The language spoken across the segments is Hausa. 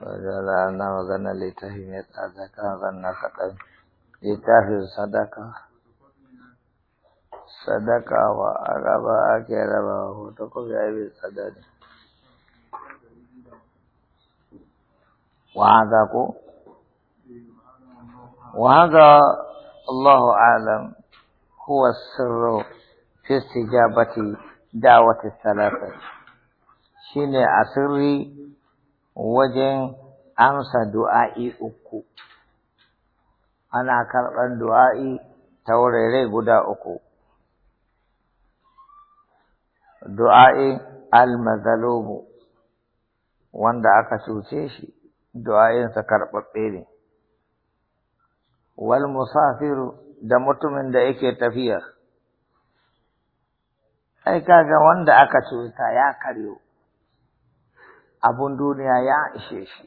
wajala na magana littafin ya tsada kan zanna kaɗan littafin sadaka sadaka wa araba ake wa hoto ko ya yi tsada ne وهذا كو الله أعلم هو السر في استجابة دعوة الثلاثة شيني أسري wajen amsa du'a'i uku. Ana karɓar du'a'i ta wurare guda uku. Du'a'i al-mazalubu wanda aka cuce shi, du'a'insa karɓaɓɓe ne. Wal musafiru da mutumin da yake tafiya. Ai kaga wanda aka cuta ya karyo. abun duniya ya ishe shi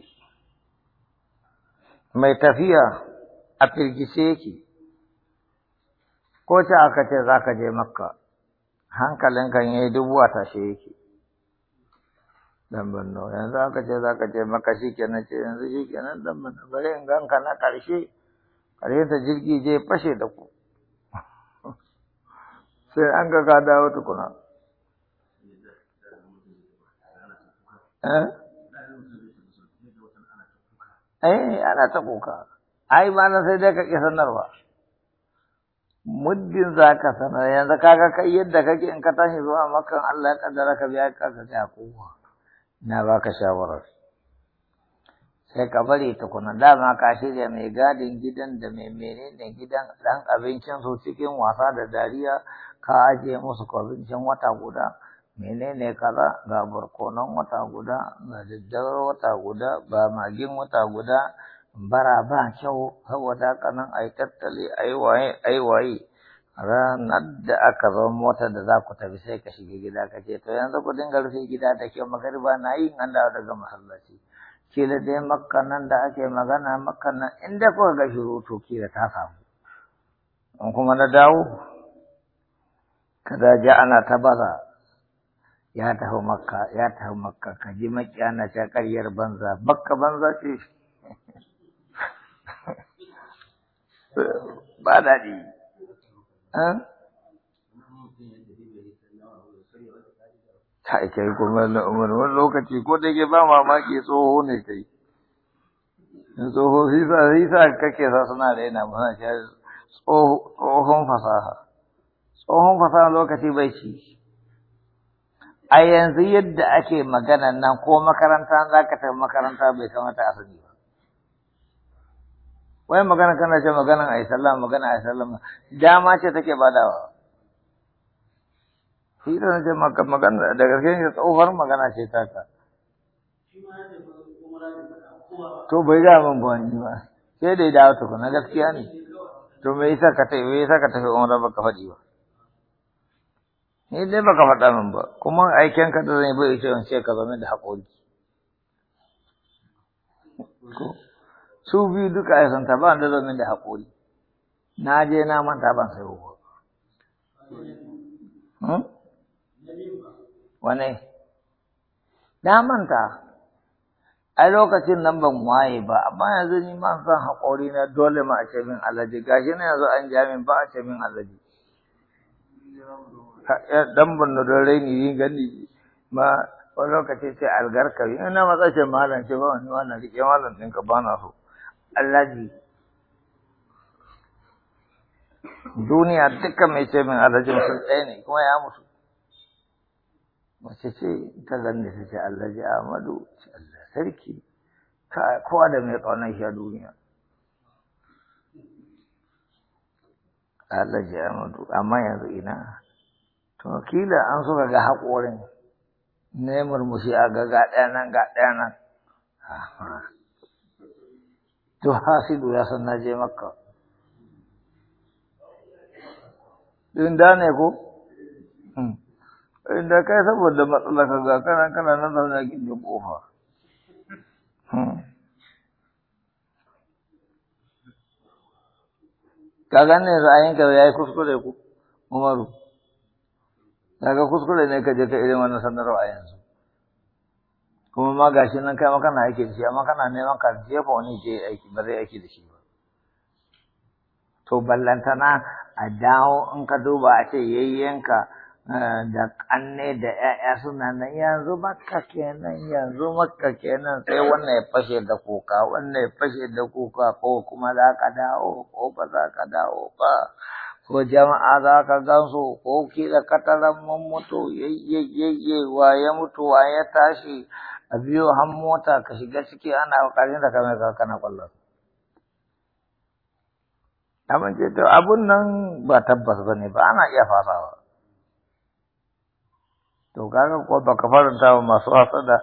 mai tafiya a firgice yake ko ce aka ce za ka je makka hankalinka ya yi dubu a tashe yake dan banno yanzu aka ce za ka ce maka shi kenan ce yanzu shi kenan dan banno bari in ganka na ƙarshe ƙarshe ta jirgi je fashe da ku sai an ga ka dawo tukuna Eh? eh, ana ta kuka. Ai, ma na sai dai ka ƙi sanarwa. Muddin za ka sanar yanzu kaga kai yadda kake in ka tashi zuwa makan Allah ya kaddara ka biya ka ka ga kowa. Na ka shawarar. Sai ka bari tukuna dama ka shirya mai gadin gidan da mai menene gidan dan abincin su cikin wasa da dariya ka ajiye musu abincin wata guda. menene kaza ga barkonon wata guda ga jajjarar wata guda ba magin wata guda bara ba kyau saboda kanan a yi tattali a yi waye ranar da aka zo mota da za ku tafi sai ka shiga gida ka ce to yanzu ku dinga rufe gida da kyau magariba na yin an dawo daga masallaci kila dai makka nan da ake magana makka nan inda kuka ga shirutu kila ta samu in kuma na dawo kada ja ana ta baza ya taho makka ya taho makka ka ji maki ana sha ƙaryar banza bakka banza ce ba daɗi kai kai kuma na umar wani lokaci ko da ke ba mamaki tsoho ne kai in tsoho shi sa kake sa suna da yana suna shi tsohon fasaha tsohon fasaha lokaci bai ci a yanzu yadda ake maganan nan ko makaranta za ka tafi makaranta bai kamata a sani ba wai magana kana ce maganan a sallah magana a sallah dama ce take badawa shi da ce magana da gaske ne tsohuwar magana ce ta ka. to bai ga min ba ba sai dai dawo na gaskiya ne to me yasa ka tafi me yasa ka tafi umra baka faɗi ba Ni dai baka faɗa min ba, kuma aiken ka da zan yi bai ce wance ka zama da haƙuri. Su biyu duka a santa ba da yi da haƙuri. Na je na manta ban sai ba. Hmm? Wane? Na manta. a lokacin nan ban waye ba amma yanzu ni ma san haƙori na dole ma a ce min alaji gashi na yanzu an ja min ba a ce min alaji dan Borno don raini yin gani ma wani lokaci sai algarkawi ina matsa ce malam ce ba wani wani rike malam ɗin ka bana so alhaji duniya duka mai ce min alhaji mutum tsaye ne kuma ya mutu mace ce ta zanne ta ce alhaji amadu ce allah sarki kowa da mai ƙaunar shi a duniya Allah ji Amadu amma yanzu ina to kila an suka ga haƙorin ne murmushi a ga ga ɗaya nan ga ɗaya nan to hasidu ya san na je makka ɗin da ne ko hmm. inda kai saboda matsala ka ga kana kana nan zaune a gindin ƙofa hmm. ka gane ra'ayinka ya yi kuskure ku umaru daga kuskure ne ka je ka irin wannan sanarwa yanzu kuma ma gashi nan kai maka na aiki da shi amma kana neman ka jefa wani je aiki ba zai aiki da shi ba to ballantana a dawo in ka duba a ce yayyanka eh, da kanne da 'ya'ya suna nan yanzu makka kenan yanzu makka kenan sai wannan ya fashe da kuka wannan ya fashe da kuka ko kuma za ka dawo ko ba za ka dawo ba ko jama'a za ka gansu ko kila katalan mun mutu yayyayye wa ya mutu wa ya tashi a biyo han mota ka shiga ciki ana ƙoƙarin da kamar ka kana abin ce to abun nan ba tabbas ba ne ba ana iya fasawa to kaga ko baka faranta wa masu da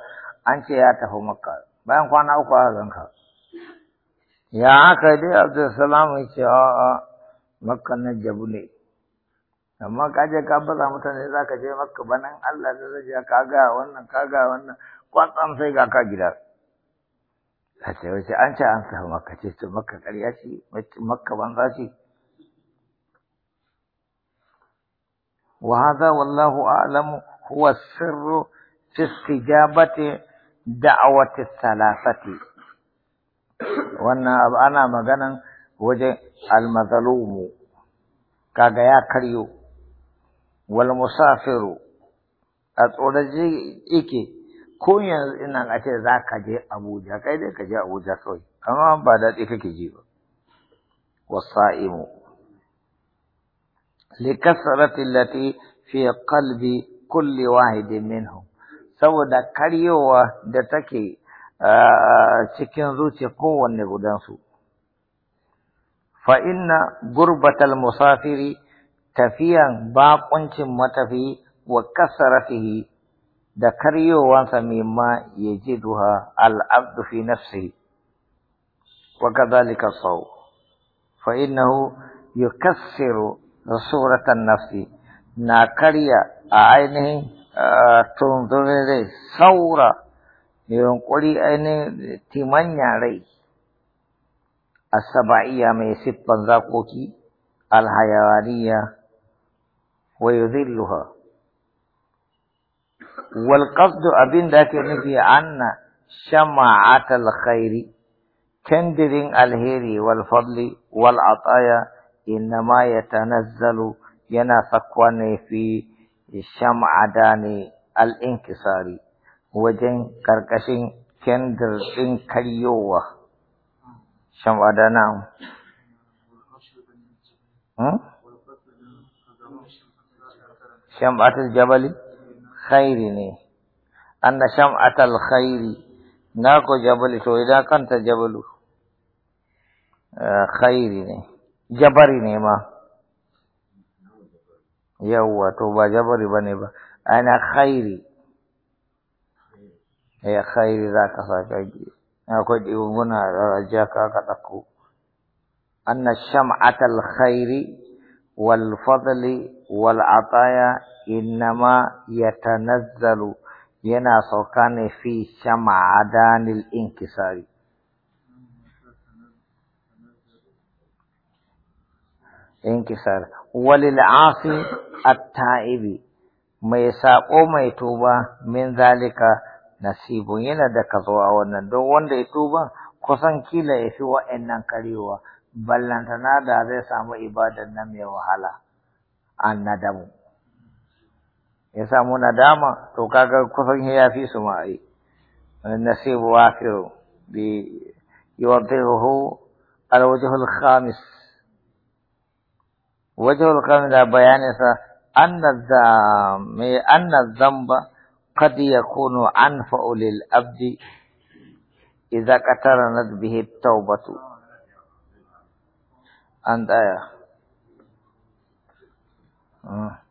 an ce ya tafi makka bayan kwana uku a zanka ya haka dai abdulsalam ya ce a'a makka na jabu ne amma ka je ka baza mutane za ka je makka banan Allah da zai ka ga wannan ka ga wannan kwatsam sai ga ka gida ka ce wace an ce an samu makka ce to makka ƙarya ce makka banza ce وهذا والله أعلم هو السر في استجابة دعوة الثلاثة وأنا أنا مجانا wajen almazalumu kaga ya karyo wal musafiru a tsoron yake ko yanzu ina na ce za ka je Abuja kai dai ka je Abuja kawai amma ba daɗi kake ji ba wasa'imu likasrati allati fi kalbi, kulli wahidin minhum saboda karyowa da take ah, ah, cikin zuciya kowanne gudansu fa inna gurbatal musafiri tafiyan baƙuncin matafi wa kasarafihi da karyowansa mimma ya ji duha al'abdu fi nafsi wa kadhalika sau fa innahu yukassiru suratan nafsi na karya a ainihin tunzurin rai saura yunƙuri ainihin timanya rai السبعية من ست کی الحيوانية ويذلها والقصد ابن ذاك نفي أن شماعة الخير تندرين الهير والفضل والعطايا إنما يتنزل ينافقون في شمعدان الانكسار وجن كركشين كندر إن كريوه Some other noun. Hmm? Sham'atul jabali khairi ne. Anna sham'atul khairi. Na ko jabali to idan kanta jabalu. Eh, khairi ne. Jabari ne ma. Yawwa to ba jabari bane ba. Ana khairi. Ya khairi za ka sake نقول يقولون رجاك قدكو أن الشمعة الخير والفضل والعطايا إنما يتنزل ينا سوكان في شمع عدان الانكسار انكسار وللعاصي التائب ما يساقو ما يتوبا من ذلك nasibun yana da kaso a wannan don wanda ya tuba kusan kila ya fi wa'annan karewa ballantana da zai samu ibadan nan mai wahala an nadamu ya samu nadama to kaga kusan ya fi su ma ai nasibu wafiru bi yuwaddihu الوجه الخامس وجه da بيان أن الذنب قد يكون أنفع للأبد إذا قترنت به التوبة عند آية آه.